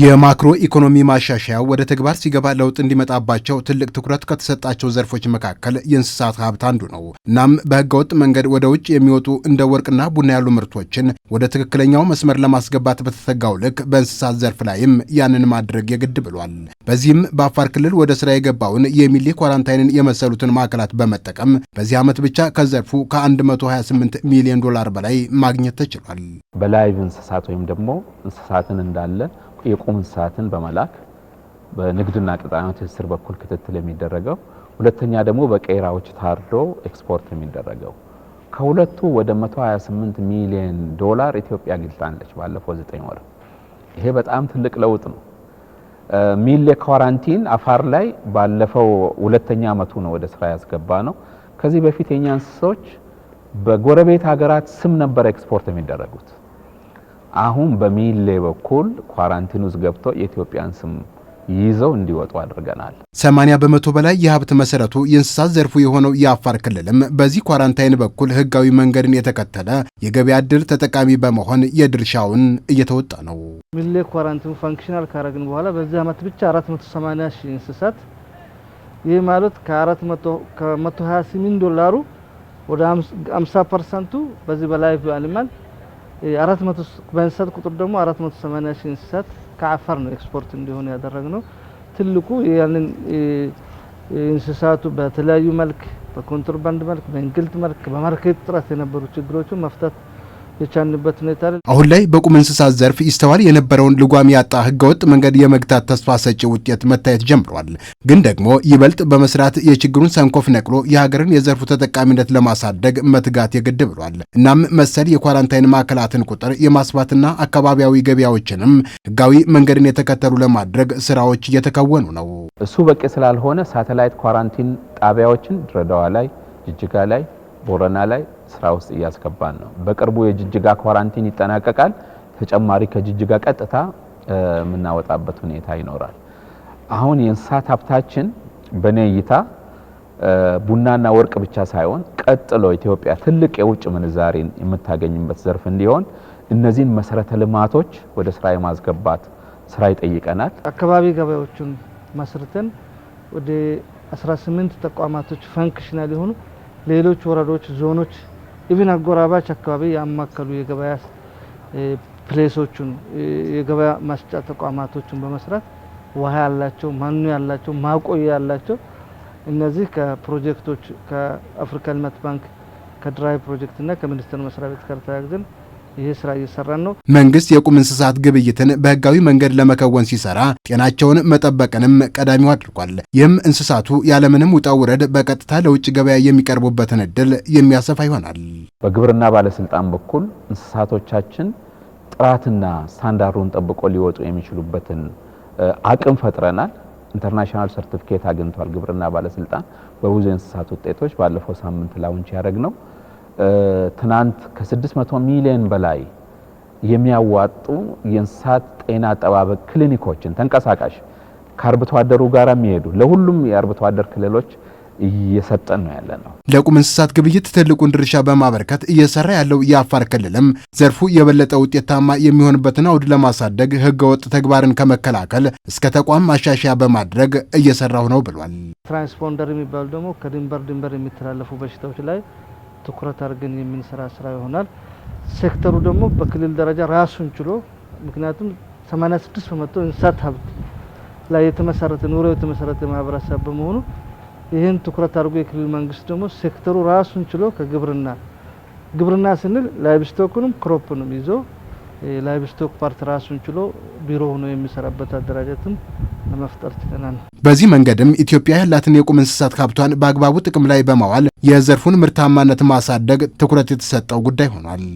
የማክሮ ኢኮኖሚ ማሻሻያው ወደ ተግባር ሲገባ ለውጥ እንዲመጣባቸው ትልቅ ትኩረት ከተሰጣቸው ዘርፎች መካከል የእንስሳት ሀብት አንዱ ነው። እናም በህገወጥ መንገድ ወደ ውጭ የሚወጡ እንደ ወርቅና ቡና ያሉ ምርቶችን ወደ ትክክለኛው መስመር ለማስገባት በተተጋው ልክ በእንስሳት ዘርፍ ላይም ያንን ማድረግ የግድ ብሏል። በዚህም በአፋር ክልል ወደ ስራ የገባውን የሚሊ ኳራንታይንን የመሰሉትን ማዕከላት በመጠቀም በዚህ ዓመት ብቻ ከዘርፉ ከ128 ሚሊዮን ዶላር በላይ ማግኘት ተችሏል። በላይቭ እንስሳት ወይም ደግሞ እንስሳትን እንዳለ የቁም እንስሳትን በመላክ በንግድና ቀጣናዊ ትስስር በኩል ክትትል የሚደረገው፣ ሁለተኛ ደግሞ በቄራዎች ታርዶ ኤክስፖርት የሚደረገው ከሁለቱ ወደ 128 ሚሊዮን ዶላር ኢትዮጵያ ግልጣለች ባለፈው 9 ወር። ይሄ በጣም ትልቅ ለውጥ ነው። ሚል ኳራንቲን አፋር ላይ ባለፈው ሁለተኛ ዓመቱ ነው ወደ ስራ ያስገባ ነው። ከዚህ በፊት የኛ እንስሶች በጎረቤት ሀገራት ስም ነበር ኤክስፖርት የሚደረጉት። አሁን በሚሌ በኩል ኳራንቲን ውስጥ ገብተው የኢትዮጵያን ስም ይዘው እንዲወጡ አድርገናል። 80 በመቶ በላይ የሀብት መሰረቱ የእንስሳት ዘርፉ የሆነው የአፋር ክልልም በዚህ ኳራንታይን በኩል ህጋዊ መንገድን የተከተለ የገበያ እድል ተጠቃሚ በመሆን የድርሻውን እየተወጣ ነው። ሚሌ ኳራንቲኑ ፋንክሽናል ካረግን በኋላ በዚህ ዓመት ብቻ 480 ሺህ እንስሳት ይህ ማለት ከ128 ዶላሩ ወደ 50 ፐርሰንቱ በዚህ በላይ አኒማል አራት መቶ በእንስሳት ቁጥር ደግሞ 480 ሺህ እንስሳት ከአፋር ነው ኤክስፖርት ያደረግ ያደረግነው። ትልቁ ያንን እንስሳቱ በተለያዩ መልክ በኮንትሮባንድ መልክ፣ በእንግልት መልክ፣ በማርኬት ጥረት የነበሩ ችግሮችን መፍታት የቻንበት ሁኔታ አሁን ላይ በቁም እንስሳት ዘርፍ ይስተዋል የነበረውን ልጓም ያጣ ህገወጥ መንገድ የመግታት ተስፋ ሰጪ ውጤት መታየት ጀምሯል። ግን ደግሞ ይበልጥ በመስራት የችግሩን ሰንኮፍ ነቅሎ የሀገርን የዘርፉ ተጠቃሚነት ለማሳደግ መትጋት የግድ ብሏል። እናም መሰል የኳራንታይን ማዕከላትን ቁጥር የማስፋትና አካባቢያዊ ገበያዎችንም ህጋዊ መንገድን የተከተሉ ለማድረግ ስራዎች እየተከወኑ ነው። እሱ በቂ ስላልሆነ ሳተላይት ኳራንቲን ጣቢያዎችን ድሬዳዋ ላይ፣ ጅጅጋ ላይ ቦረና ላይ ስራ ውስጥ እያስገባን ነው። በቅርቡ የጅጅጋ ኳራንቲን ይጠናቀቃል። ተጨማሪ ከጅጅጋ ቀጥታ የምናወጣበት ሁኔታ ይኖራል። አሁን የእንስሳት ሀብታችን በእኔ እይታ ቡናና ወርቅ ብቻ ሳይሆን ቀጥሎ ኢትዮጵያ ትልቅ የውጭ ምንዛሬን የምታገኝበት ዘርፍ እንዲሆን እነዚህን መሰረተ ልማቶች ወደ ስራ የማስገባት ስራ ይጠይቀናል። አካባቢ ገበያዎቹን መስርተን ወደ 18 ተቋማቶች ፈንክሽናል የሆኑ ሌሎች ወረዶች፣ ዞኖች ኢቭን አጎራባች አካባቢ ያማከሉ የገበያ ፕሌሶቹን የገበያ ማስጫ ተቋማቶችን በመስራት ውሃ ያላቸው ማኑ ያላቸው ማቆያ ያላቸው እነዚህ ከፕሮጀክቶች ከአፍሪካ ልማት ባንክ ከድራይ ፕሮጀክትና ከሚኒስቴር መስሪያ ቤት ጋር ተያይዘን ይህ ስራ እየሰራን ነው። መንግስት የቁም እንስሳት ግብይትን በህጋዊ መንገድ ለመከወን ሲሰራ ጤናቸውን መጠበቅንም ቀዳሚው አድርጓል። ይህም እንስሳቱ ያለምንም ውጣ ውረድ በቀጥታ ለውጭ ገበያ የሚቀርቡበትን እድል የሚያሰፋ ይሆናል። በግብርና ባለስልጣን በኩል እንስሳቶቻችን ጥራትና ስታንዳርዱን ጠብቆ ሊወጡ የሚችሉበትን አቅም ፈጥረናል። ኢንተርናሽናል ሰርቲፊኬት አግኝቷል። ግብርና ባለስልጣን በብዙ የእንስሳት ውጤቶች ባለፈው ሳምንት ላውንች ያደረግ ነው ትናንት ከ600 ሚሊዮን በላይ የሚያዋጡ የእንስሳት ጤና አጠባበቅ ክሊኒኮችን ተንቀሳቃሽ ከአርብቶ አደሩ ጋር የሚሄዱ ለሁሉም የአርብቶ አደር ክልሎች እየሰጠን ነው ያለ ነው። ለቁም እንስሳት ግብይት ትልቁን ድርሻ በማበርከት እየሰራ ያለው የአፋር ክልልም ዘርፉ የበለጠ ውጤታማ የሚሆንበትን አውድ ለማሳደግ ህገወጥ ተግባርን ከመከላከል እስከ ተቋም ማሻሻያ በማድረግ እየሰራው ነው ብሏል። ትራንስፖንደር የሚባሉ ደግሞ ከድንበር ድንበር የሚተላለፉ በሽታዎች ላይ ትኩረት አድርገን የምንሰራ ስራ ይሆናል። ሴክተሩ ደግሞ በክልል ደረጃ ራሱን ችሎ ምክንያቱም 86 በመቶ እንስሳት ሀብት ላይ የተመሰረተ ኑሮ የተመሰረተ ማህበረሰብ በመሆኑ ይህን ትኩረት አድርጎ የክልል መንግስት ደግሞ ሴክተሩ ራሱን ችሎ ከግብርና ግብርና ስንል ላይቭስቶክንም ክሮፕንም ይዞ ላይቭስቶክ ፓርት ራሱን ችሎ ቢሮ ሆኖ የሚሰራበት አደራጀትም መፍጠር ችለናል። በዚህ መንገድም ኢትዮጵያ ያላትን የቁም እንስሳት ሀብቷን በአግባቡ ጥቅም ላይ በማዋል የዘርፉን ምርታማነት ማሳደግ ትኩረት የተሰጠው ጉዳይ ሆኗል።